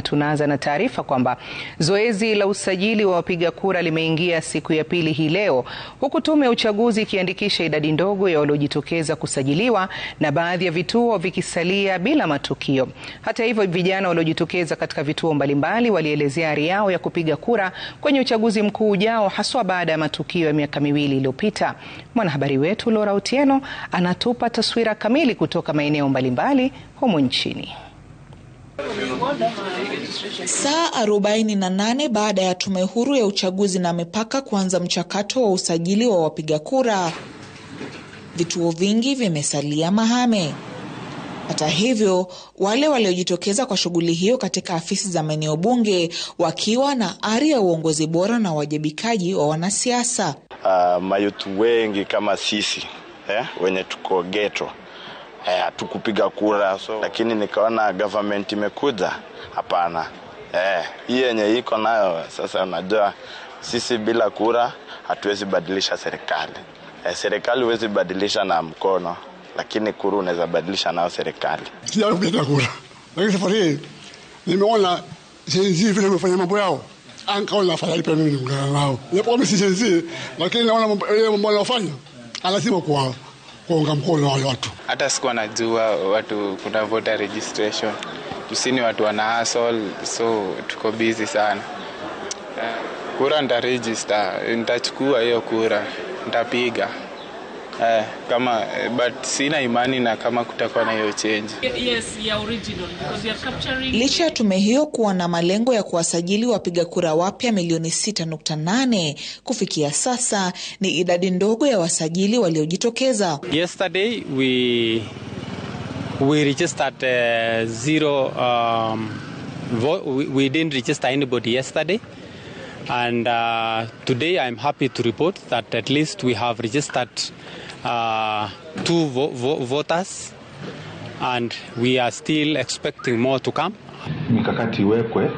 na tunaanza na taarifa kwamba zoezi la usajili wa wapiga kura limeingia siku ya pili hii leo, huku tume ya uchaguzi ikiandikisha idadi ndogo ya waliojitokeza kusajiliwa na baadhi ya vituo vikisalia bila matukio. Hata hivyo, vijana waliojitokeza katika vituo mbalimbali walielezea ari yao ya kupiga kura kwenye uchaguzi mkuu ujao, haswa baada ya matukio ya miaka miwili iliyopita. Mwanahabari wetu Laura Otieno anatupa taswira kamili kutoka maeneo mbalimbali humu nchini. Saa arobaini na nane baada ya tume huru ya uchaguzi na mipaka kuanza mchakato wa usajili wa wapiga kura, vituo vingi vimesalia mahame. Hata hivyo, wale waliojitokeza kwa shughuli hiyo katika afisi za maeneo bunge wakiwa na ari ya uongozi bora na uwajibikaji wa wanasiasa. Uh, mayutu wengi kama sisi eh, wenye tuko geto Eh, hatukupiga kura so, lakini nikaona government imekuja hapana, Eh, hii yenye iko nayo sasa. Unajua sisi bila kura hatuwezi badilisha serikali eh, serikali huwezi badilisha na mkono, lakini kura unaweza badilisha nayo serikali. Sijapiga kura, lakini safari hii nimeona jenzi vile imefanya mambo yao lakini naona mambo anayofanya lazima kuwao kuunga mkono wale watu. Hata siku anajua watu kuna voter registration tusini watu wana hustle, so tuko busy sana. Eh, kura nitaregister, nitachukua hiyo kura, nitapiga eh, kama eh, but sina imani na kama kutakuwa na hiyo change. Yes, yeah, original because you are capturing... Licha ya tume hiyo kuwa na malengo ya kuwasajili wapiga kura wapya milioni 6.8 kufikia sasa, ni idadi ndogo ya wasajili waliojitokeza. Yesterday we we registered uh, zero um, we, we didn't register anybody yesterday And uh, today I'm happy to report that at least we have registered uh, two vo vo voters and we are still expecting more to come. Mikakati iwekwe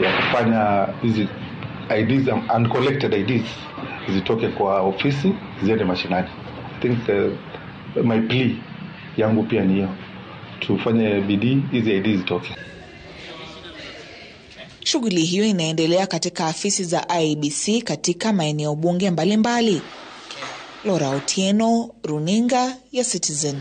ya kufanya hizi IDs and collected IDs zitoke kwa ofisi ziende mashinani. I think uh, my plea yangu pia ni hiyo, tufanye bidii hizi IDs zitoke. Shughuli hiyo inaendelea katika afisi za IEBC katika maeneo bunge mbalimbali. Lora Otieno, runinga ya Citizen.